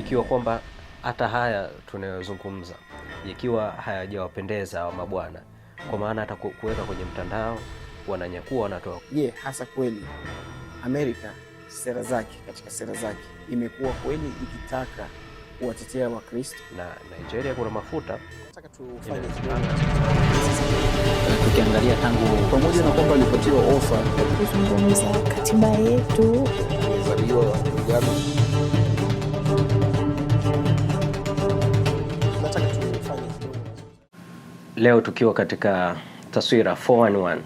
ikiwa kwamba hata haya tunayozungumza ikiwa hayajawapendeza wa mabwana, kwa maana hata kuweka kwenye mtandao wananyakua wanatoka. Je, yeah, hasa kweli Amerika sera zake katika sera zake imekuwa kweli ikitaka kuwatetea Wakristo na Nigeria kuna mafuta tukiangalia tangu pamoja na kwamba alipatiwa ofa kuzungumza katiba yetu Leo tukiwa katika taswira 411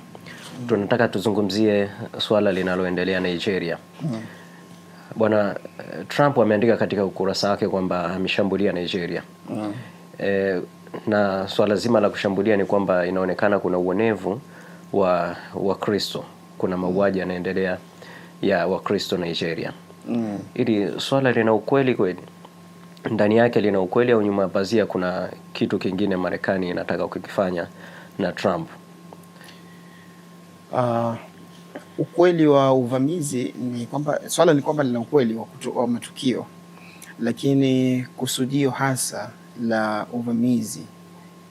tunataka tuzungumzie swala linaloendelea Nigeria. Mm. Bwana eh, Trump ameandika katika ukurasa wake kwamba ameshambulia Nigeria. E, na swala zima la kushambulia ni kwamba inaonekana kuna uonevu wa Wakristo, kuna mauaji yanaendelea ya Wakristo Nigeria. Mm. ili swala lina ukweli kweli? ndani yake lina ukweli au nyuma ya pazia kuna kitu kingine Marekani inataka kukifanya na Trump? Uh, ukweli wa uvamizi ni kwamba swala ni kwamba lina ukweli wa, kutu, wa matukio, lakini kusudio hasa la uvamizi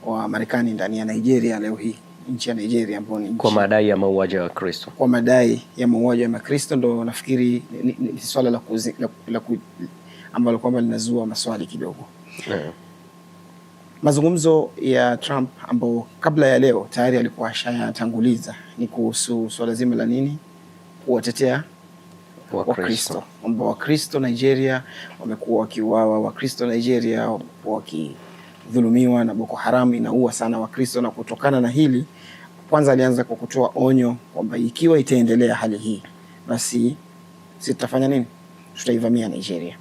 wa Marekani ndani ya Nigeria leo hii nchi ya Nigeria ambayo ni kwa madai ya mauaji ya kristo kwa madai ya mauaji ya Wakristo ndo nafikiri ni, ni, ni swala la, kuzi, la, la, ambalo kwamba linazua maswali kidogo yeah. Mazungumzo ya Trump ambao kabla ya leo tayari alikuwa ashayatanguliza ni kuhusu swala zima la nini kuwatetea Wakristo kwamba Wakristo Nigeria wamekuwa wakiuawa, Wakristo Nigeria wamekuwa wakidhulumiwa na Boko Haram inaua sana Wakristo. Na kutokana na hili, kwanza alianza kwa kutoa onyo kwamba ikiwa itaendelea hali hii, basi sitafanya tutafanya nini? Tutaivamia Nigeria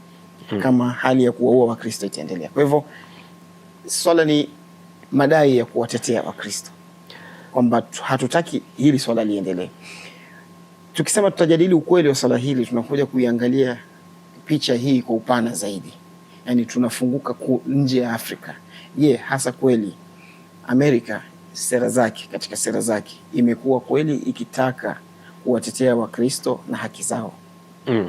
hmm. kama hali ya kuwaua Wakristo itaendelea. Kwa hivyo swala ni madai ya kuwatetea Wakristo kwamba hatutaki hili swala liendelee. Tukisema tutajadili ukweli wa swala hili, tunakuja kuiangalia picha hii kwa upana zaidi, yaani tunafunguka ku nje ya Afrika. Je, hasa kweli Amerika sera zake katika sera zake imekuwa kweli ikitaka kuwatetea Wakristo na haki zao? mm.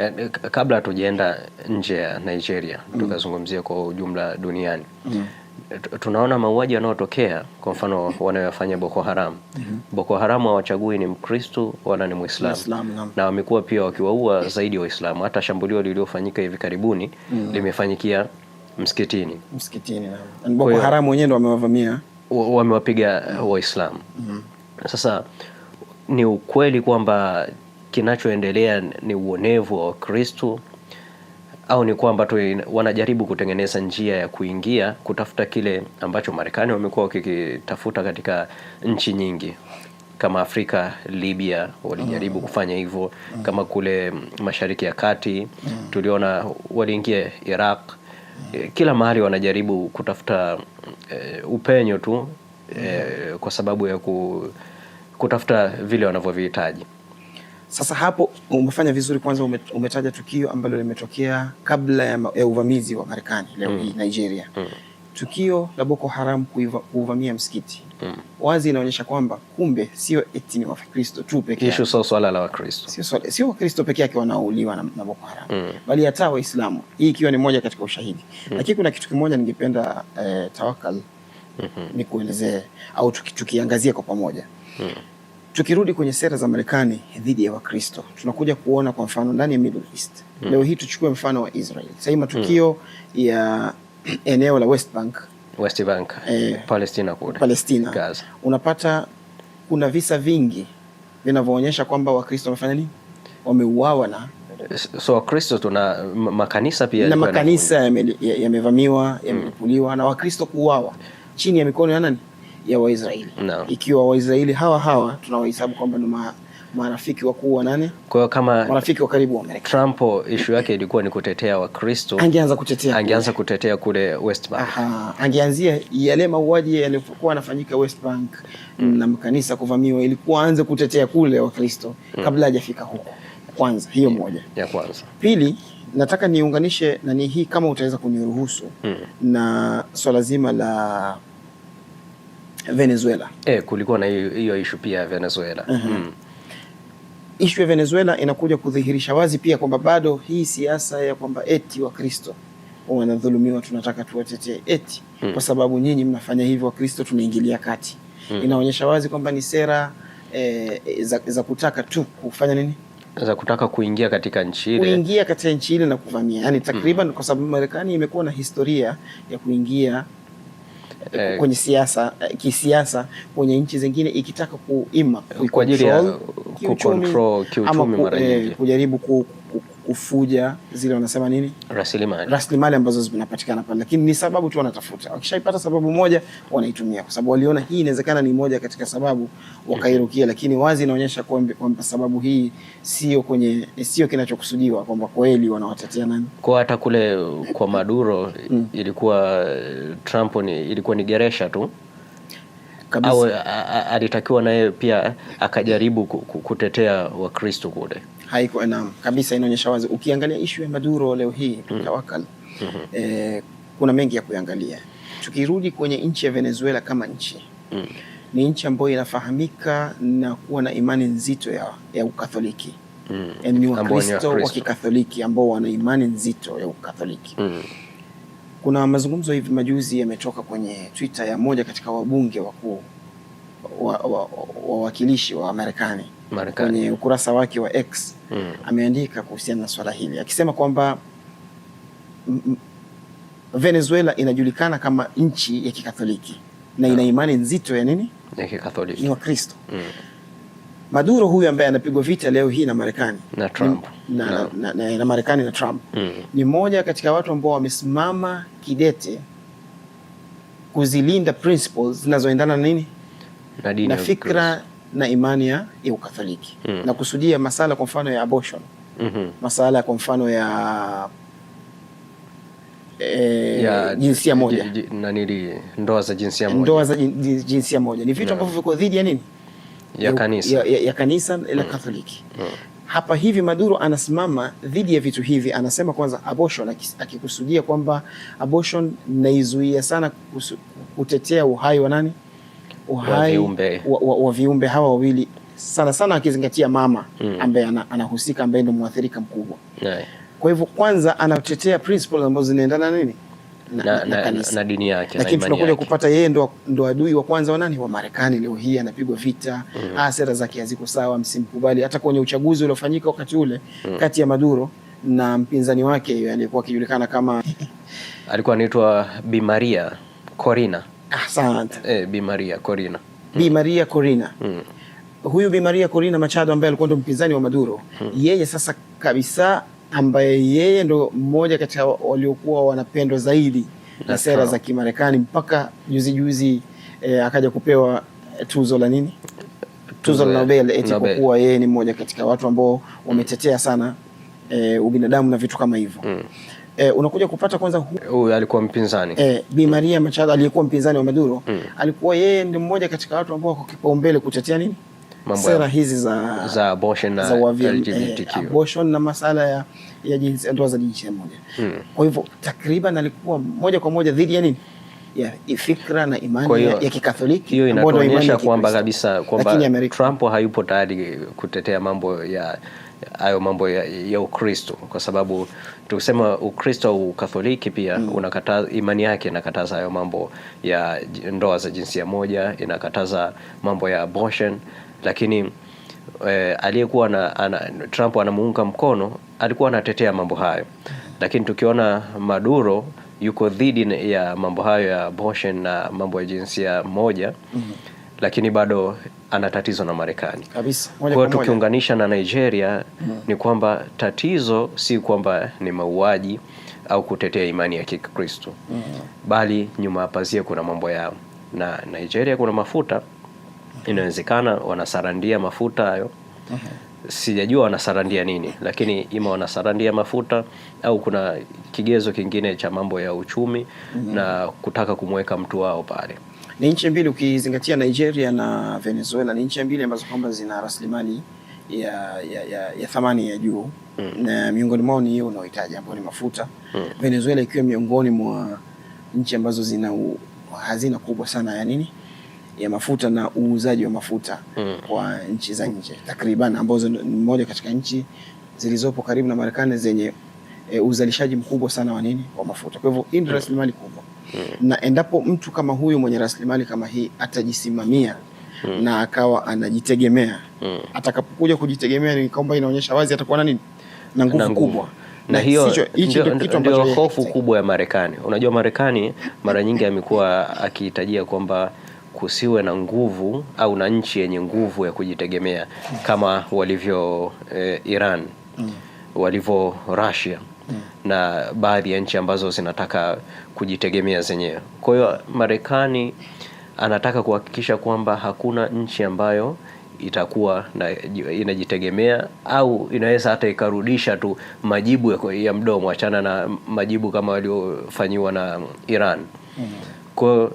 Eh, kabla tujaenda nje ya Nigeria mm. tukazungumzia kwa ujumla duniani mm. tunaona mauaji yanayotokea, kwa mfano wanayofanya Boko Haram mm -hmm. Boko Haram hawachagui ni Mkristo wala ni Mwislamu, na wamekuwa pia wakiwaua zaidi Waislamu. Hata shambulio lililofanyika hivi karibuni mm. limefanyikia msikitini, msikitini na Boko Haram wenyewe ndio wamewavamia, wamewapiga mm. Waislamu mm -hmm. Sasa ni ukweli kwamba kinachoendelea ni uonevu wa Wakristo au ni kwamba tu wanajaribu kutengeneza njia ya kuingia kutafuta kile ambacho Marekani wamekuwa wakikitafuta katika nchi nyingi kama Afrika, Libya walijaribu mm. kufanya hivyo mm. kama kule Mashariki ya Kati mm. tuliona waliingia Iraq mm. Eh, kila mahali wanajaribu kutafuta e, upenyo tu e, mm. Eh, kwa sababu ya ku, kutafuta vile wanavyovihitaji. Sasa hapo umefanya vizuri. Kwanza umetaja tukio ambalo limetokea kabla ya, ya uvamizi wa Marekani leo hii mm. Nigeria mm. tukio la Boko Haram kuuvamia msikiti mm. wazi inaonyesha kwamba kumbe sio eti ni Wakristo tu pekee, issue sio swala la Wakristo, sio Wakristo peke yake wanaouliwa na, na Boko Haram mm. bali hata Waislamu, hii ikiwa ni moja katika ushahidi mm. lakini kuna kitu kimoja ningependa eh, Tawakal mm -hmm. kuelezea au tukiangazia kwa pamoja mm. Tukirudi kwenye sera za Marekani dhidi ya Wakristo, tunakuja kuona kwa mfano ndani ya Middle East mm. Leo hii tuchukue mfano wa Israel. Sasa matukio mm. ya eneo la West Bank, West Bank. Eh, Palestina kule. Palestina. Gaza. Unapata kuna visa vingi vinavyoonyesha kwamba Wakristo wamefanya nini? Wameuawa na so Wakristo tuna makanisa pia na makanisa yamevamiwa, yame hmm. yamepuliwa mm. na Wakristo kuuawa chini ya mikono ya nani? ya Waisraeli no. Ikiwa Waisraeli hawa hawa tunawahesabu kwamba ni marafiki wakuu wa nani? kwa hiyo kama marafiki wa karibu wa Amerika. Trump issue yake ilikuwa ni kutetea Wakristo, angeanza kutetea, angeanza kutetea kule West Bank. Aha, angeanzia yale mauaji yaliyokuwa yanafanyika West Bank mm. na makanisa kuvamiwa, ilikuwa aanze kutetea kule Wakristo mm. kabla hajafika mm. huko kwanza. Hiyo moja ya kwanza. Pili, nataka niunganishe ni hii kama utaweza kuniruhusu mm. na swala zima la Venezuela. E, kulikuwa na hiyo ishu pia ya Venezuela. uh mhm. -huh. mm. Ishu ya Venezuela inakuja kudhihirisha wazi pia kwamba bado hii siasa ya kwamba eti Wakristo wanadhulumiwa tunataka tuwatetee eti mm. kwa sababu nyinyi mnafanya hivyo Wakristo tunaingilia kati mm. inaonyesha wazi kwamba ni sera e, za, za kutaka tu kufanya nini za kutaka kuingia katika nchi ile kuingia katika nchi ile na kuvamia, yani mm. takriban mm. kwa sababu Marekani imekuwa na historia ya kuingia Eh, eh, kwenye siasa eh, kisiasa kwenye nchi zingine ikitaka kuima kwa ajili ya kucontrol kiuchumi mara nyingi kujaribu ku kufuja zile wanasema nini, rasilimali rasilimali ambazo zinapatikana pale, lakini ni sababu tu wanatafuta. Wakishaipata sababu moja, wanaitumia kwa sababu waliona hii inawezekana ni moja katika sababu, wakairukia. Lakini wazi inaonyesha kwamba sababu hii sio kwenye sio kinachokusudiwa, kwamba kweli wanawatetea nani, kwa hata kule kwa Maduro mm. ilikuwa Trump ni, ilikuwa ni geresha tu au alitakiwa naye pia akajaribu kutetea Wakristo kule haiko na kabisa, inaonyesha wazi. Ukiangalia ishu ya Maduro leo hii mm-hmm. tawakal, mm -hmm. eh, kuna mengi ya kuangalia. Tukirudi kwenye nchi ya Venezuela kama nchi mm. ni nchi ambayo inafahamika na kuwa na imani nzito ya, ya Ukatholiki mm. Yaani ni Wakristo wa Kikatholiki ambao wana imani nzito ya Ukatholiki mm. Kuna mazungumzo hivi majuzi yametoka kwenye Twitter ya moja katika wabunge wakuu wawakilishi wa, wa, wa, wa Marekani Marekani kwenye ukurasa wake wa X mm. ameandika kuhusiana na swala hili akisema kwamba Venezuela inajulikana kama nchi ya Kikatholiki na ina ah. imani nzito ya nini? Ya Kikatoliki. Ni Wakristo mm. Maduro huyu ambaye anapigwa vita leo hii na Marekani na Trump na, na, no. na, na, na Marekani na Trump mm. ni mmoja katika watu ambao wamesimama kidete kuzilinda principles zinazoendana na nini na, na fikra na imani ya Ukatholiki mm. na kusudia masala kwa mfano ya abortion mm -hmm. masala kwa mfano ya E, ya, jinsia moja nanili, ndoa za jinsia moja, ndoa za jinsia moja ni vitu ambavyo viko dhidi ya nini ya kanisa, ya, ya, ya kanisa mm. la hmm. Katholiki mm. Hapa hivi Maduro anasimama dhidi ya vitu hivi, anasema kwanza abortion, akikusudia kwamba abortion naizuia sana kutetea uhai wa nani uhai wa, viumbe hawa wawili sana sana akizingatia mama mm. ambaye anahusika ambaye ndo mwathirika mkubwa nae. Kwa hivyo kwanza anatetea principles ambazo zinaendana nini na, na, na, na, na dini yake, lakini tunakuja kupata yeye ndo, ndo adui wa kwanza wa nani wa Marekani. Leo hii anapigwa vita mm. ah, sera zake haziko sawa, msimkubali. Hata kwenye uchaguzi uliofanyika wakati ule mm. kati ya Maduro na mpinzani wake aliyekuwa akijulikana kama alikuwa anaitwa Bi Maria Corina Asante. Eh, Bi Maria Corina. Bi Maria Corina. Mm. Huyu Bi Maria Corina Machado ambaye alikuwa ndo mpinzani wa Maduro. Mm. Yeye sasa kabisa ambaye yeye ndo mmoja kati ya waliokuwa wanapendwa zaidi na sera za Kimarekani mpaka juzi juzi eh, akaja kupewa eh, tuzo la nini? Tuzo la Nobel eti kwa kuwa yeye ni mmoja katika watu ambao mm. wametetea sana e, ubinadamu na vitu kama hivyo mm. E, unakuja kupata kwanza eh, huyu alikuwa mpinzani eh, Bi Maria Machado aliyekuwa mpinzani wa Maduro mm. alikuwa yeye ndi mmoja katika watu ambao wako kipaumbele kutetea nini Mambo sera ya, hizi za za abortion na za wavia, LGBTQ. Eh, abortion na masala ya ya jinsi ndoa za jinsia moja mm. kwa hivyo takriban alikuwa moja kwa moja dhidi ya nini ya ifikra na imani kwa hiyo, ya, ya Kikatholiki. Hiyo inatuonyesha kwamba kabisa kwamba Trump hayupo tayari kutetea mambo ya hayo mambo ya, ya Ukristo kwa sababu tukisema Ukristo au Ukatholiki pia mm. unakataza imani yake inakataza hayo mambo ya ndoa za jinsia moja, inakataza mambo ya abortion, lakini eh, aliyekuwa na ana, Trump anamuunga mkono alikuwa anatetea mambo hayo, lakini tukiona Maduro yuko dhidi ya mambo hayo ya abortion na mambo ya jinsia moja mm -hmm lakini bado ana tatizo na Marekani. Kwa hiyo tukiunganisha na Nigeria mm. ni kwamba tatizo si kwamba ni mauaji au kutetea imani ya Kikristo mm. bali nyuma ya pazia kuna mambo yao, na Nigeria kuna mafuta, mm-hmm. inawezekana wanasarandia mafuta hayo mm -hmm. sijajua wanasarandia nini, lakini ima wanasarandia mafuta au kuna kigezo kingine cha mambo ya uchumi mm -hmm. na kutaka kumweka mtu wao pale ni nchi mbili ukizingatia Nigeria na Venezuela, ni nchi mbili ambazo kwamba zina rasilimali ya, ya, ya, ya thamani ya juu mm. na miongoni mwao ni hiyo unaohitaji ambayo ni mafuta mm. Venezuela ikiwa miongoni mwa nchi ambazo zina u, hazina kubwa sana ya nini ya mafuta na uuzaji wa mafuta mm. kwa nchi za nje takriban, ambazo ni moja katika nchi zilizopo karibu na Marekani zenye e, uzalishaji mkubwa sana wa nini wa mafuta. Kwa hivyo hii ni hmm. rasilimali kubwa mm. na endapo mtu kama huyu mwenye rasilimali kama hii atajisimamia mm. na akawa anajitegemea mm. atakapokuja kujitegemea, ni kwamba inaonyesha wazi atakuwa na na nguvu kubwa na hiyo ndio hofu kubwa ya Marekani. Unajua, Marekani mara nyingi amekuwa akihitajia kwamba kusiwe na nguvu au na nchi yenye nguvu ya kujitegemea kama walivyo eh, Iran, mm. walivyo Russia na baadhi ya nchi ambazo zinataka kujitegemea zenyewe. Kwa hiyo Marekani anataka kuhakikisha kwamba hakuna nchi ambayo itakuwa na, inajitegemea au inaweza hata ikarudisha tu majibu ya mdomo, achana na majibu kama waliofanyiwa na Iran mm.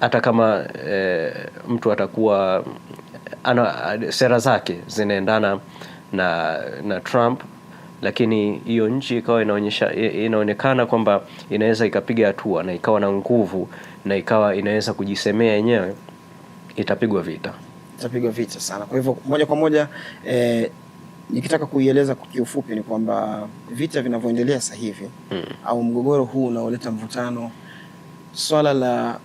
hata kama e, mtu atakuwa ana sera zake zinaendana na na Trump lakini hiyo nchi ikawa inaonyesha inaonekana kwamba inaweza ikapiga hatua na ikawa na nguvu na ikawa inaweza kujisemea yenyewe, itapigwa vita, itapigwa vita sana. Kwa hivyo moja kwa moja eh, nikitaka kuieleza kwa kiufupi ni kwamba vita vinavyoendelea sasa hivi hmm, au mgogoro huu unaoleta mvutano, swala la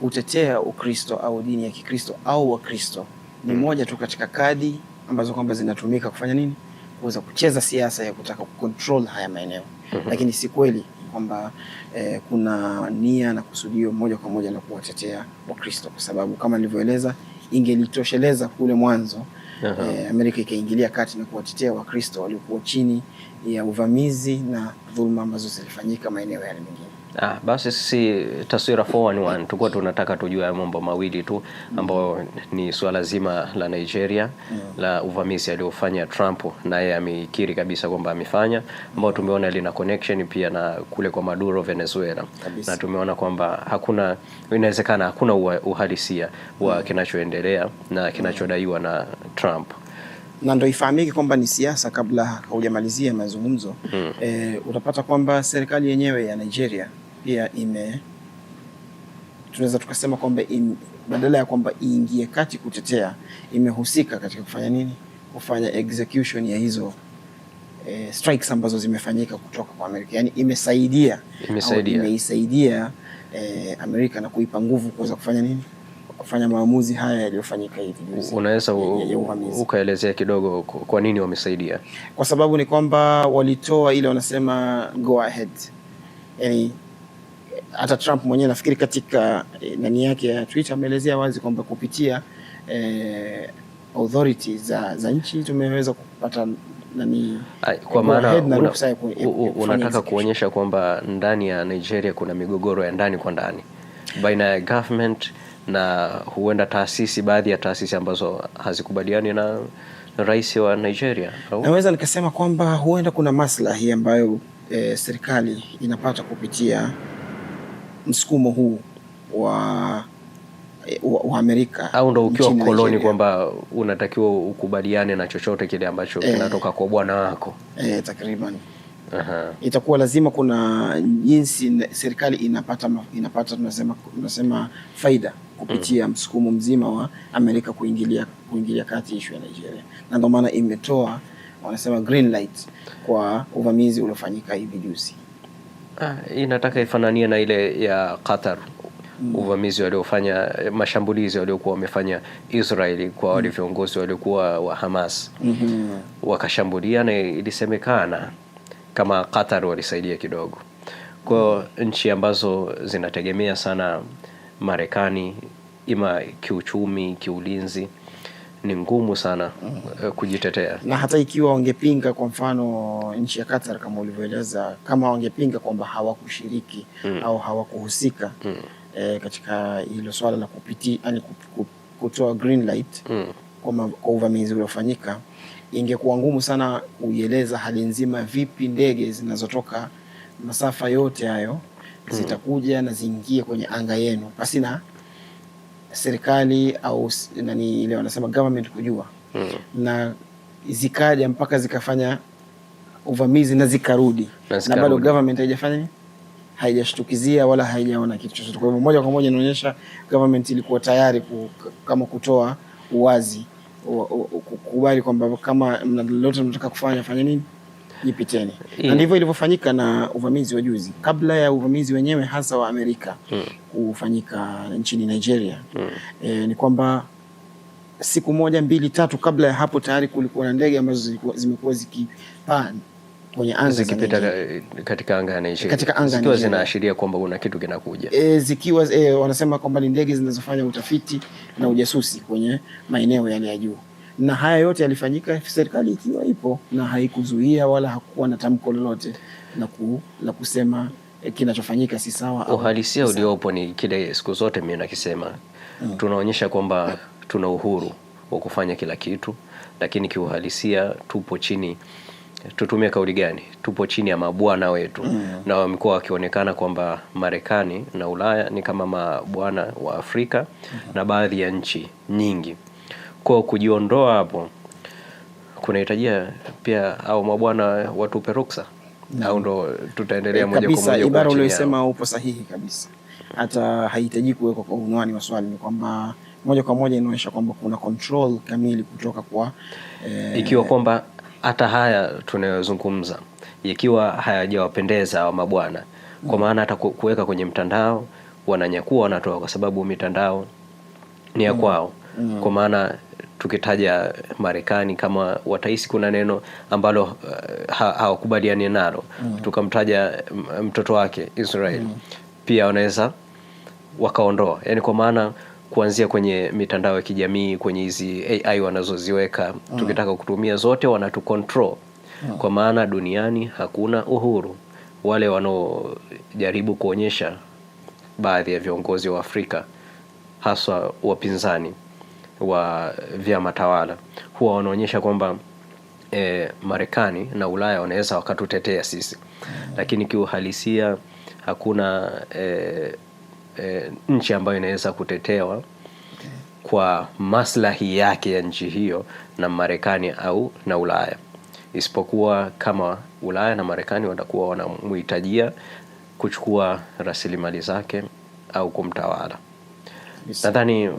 kutetea Ukristo au dini ya Kikristo au Wakristo ni hmm, moja tu katika kadi ambazo kwamba zinatumika kufanya nini kuweza kucheza siasa ya kutaka kucontrol haya maeneo mm -hmm. Lakini si kweli kwamba eh, kuna nia na kusudio moja kwa moja la kuwatetea Wakristo kwa sababu kama nilivyoeleza, ingelitosheleza kule mwanzo e, Amerika ikaingilia kati na kuwatetea Wakristo waliokuwa chini ya uvamizi na dhuluma ambazo zilifanyika maeneo yale mengine. Ah, basi si Taswira 411 tulikuwa tunataka tujue mambo mawili tu ambayo ni suala zima la Nigeria mm. la uvamizi aliofanya Trump, naye amekiri kabisa kwamba amefanya, ambao tumeona lina connection pia na kule kwa Maduro Venezuela Na tumeona kwamba hakuna inawezekana, hakuna uhalisia wa mm. kinachoendelea na kinachodaiwa na Trump na ndo ifahamike kwamba ni siasa. Kabla haujamalizia mazungumzo hmm. E, utapata kwamba serikali yenyewe ya Nigeria pia ime tunaweza tukasema kwamba badala ya kwamba iingie kati kutetea, imehusika katika kufanya nini, kufanya execution ya hizo e, strikes ambazo zimefanyika kutoka kwa Amerika, yani imesaidia, imeisaidia e, Amerika na kuipa nguvu kuweza kufanya nini kufanya maamuzi haya yaliyofanyika hivi juzi. Unaweza ukaelezea kidogo kwa nini wamesaidia? Kwa sababu ni kwamba walitoa ile wanasema go ahead, Yaani hata Trump mwenyewe nafikiri katika eh, nani yake ya Twitter ameelezea wazi kwamba kupitia eh, authorities za, za nchi tumeweza kupata nani, Ay, kwa maana una, unataka kuonyesha kwamba ndani ya Nigeria kuna migogoro ya ndani kwa ndani baina ya government na huenda taasisi, baadhi ya taasisi ambazo hazikubaliani na rais wa Nigeria. Naweza nikasema kwamba huenda kuna maslahi ambayo e, serikali inapata kupitia msukumo huu wa eh, wa Amerika au ndo ukiwa koloni kwamba unatakiwa ukubaliane na chochote kile ambacho e, kinatoka kwa bwana wako e, takriban. Aha. Itakuwa lazima kuna jinsi serikali inapata, inapata tunasema, tunasema faida kupitia mm. msukumo mzima wa Amerika kuingilia, kuingilia kati ishu ya Nigeria, na ndio maana imetoa wanasema green light kwa uvamizi uliofanyika hivi juzi. Ah, inataka ifananie na ile ya Qatar mm. uvamizi waliofanya, mashambulizi waliokuwa wamefanya Israeli kwa wale mm. viongozi waliokuwa wa Hamas mm -hmm. wakashambulia, na ilisemekana kama Qatar walisaidia kidogo, kwa nchi ambazo zinategemea sana Marekani, ima kiuchumi, kiulinzi ni ngumu sana mm. Eh, kujitetea. Na hata ikiwa wangepinga, kwa mfano nchi ya Qatar kama ulivyoeleza, kama wangepinga kwamba hawakushiriki mm. au hawakuhusika mm. e, katika hilo swala la kupitia yani kutoa green light mm. kwa, kwa uvamizi uliofanyika, ingekuwa ngumu sana kuieleza hali nzima, vipi ndege zinazotoka masafa yote hayo Mm. zitakuja na ziingie kwenye anga yenu na serikali au nani ile wanasema government kujua mm. na zikaja mpaka zikafanya uvamizi na zikarudi na bado government haijafanya haijashtukizia wala haijaona kitu chochote. Kwa hivyo moja kwa moja inaonyesha government ilikuwa tayari ku, kama kutoa uwazi kukubali kwamba kama mna lolote mnataka kufanya fanya nini jipiteni mm. na ndivyo ilivyofanyika na uvamizi wa juzi, kabla ya uvamizi wenyewe hasa wa Amerika mm. kufanyika nchini Nigeria mm. E, ni kwamba siku moja mbili tatu kabla ya hapo tayari kulikuwa na ndege ambazo zimekuwa zikipaa kwenye anga zikipita katika anga ya Nigeria, katika anga zikiwa zinaashiria kwamba kuna kitu kinakuja, e, zikiwa e, wanasema kwamba ni ndege zinazofanya utafiti na ujasusi kwenye maeneo yale ya juu na haya yote yalifanyika serikali ikiwa ipo na haikuzuia wala hakuwa na tamko lolote la ku, la kusema eh, kinachofanyika si sawa. Uhalisia uliopo ni kile siku zote mimi nakisema, hmm. tunaonyesha kwamba tuna uhuru wa kufanya kila kitu, lakini kiuhalisia tupo chini tutumie kauli gani? Tupo chini ya mabwana wetu mm. na wamekuwa wakionekana kwamba Marekani na Ulaya ni kama mabwana wa Afrika mm -hmm. na baadhi ya nchi nyingi kwa kujiondoa hapo kunahitajia pia au mabwana watupe ruksa mm. au ndo tutaendelea eh, moja kwa moja. Ibara uliyosema upo sahihi kabisa, hata haihitaji kuwekwa kwa unwani wa swali. Ni kwamba moja kwa moja inaonyesha kwamba kuna control kamili kutoka kwa eh, ikiwa kwamba hata haya tunayozungumza ikiwa hayajawapendeza wa mabwana kwa mm. maana hata kuweka kwenye mtandao wananyakuwa wanatoa, kwa sababu mitandao ni ya mm. kwao mm. kwa maana tukitaja Marekani kama watahisi kuna neno ambalo uh, hawakubaliani nalo mm. tukamtaja mm, mtoto wake Israel mm. pia wanaweza wakaondoa, yani kwa maana kuanzia kwenye mitandao ya kijamii kwenye hizi AI wanazoziweka mm. tukitaka kutumia zote wanatu mm. kwa maana duniani hakuna uhuru. Wale wanaojaribu kuonyesha baadhi ya viongozi wa Afrika haswa wapinzani wa vyama tawala huwa wanaonyesha kwamba e, Marekani na Ulaya wanaweza wakatutetea sisi, lakini kiuhalisia hakuna e, e, nchi ambayo inaweza kutetewa kwa maslahi yake ya nchi hiyo na Marekani au na Ulaya, isipokuwa kama Ulaya na Marekani watakuwa wanamhitajia kuchukua rasilimali zake au kumtawala. Nadhani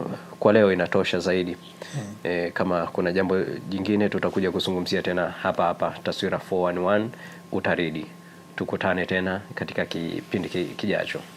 kwa leo inatosha zaidi mm. E, kama kuna jambo jingine tutakuja kuzungumzia tena hapa hapa Taswira 411 Utaridi. Tukutane tena katika kipindi kijacho.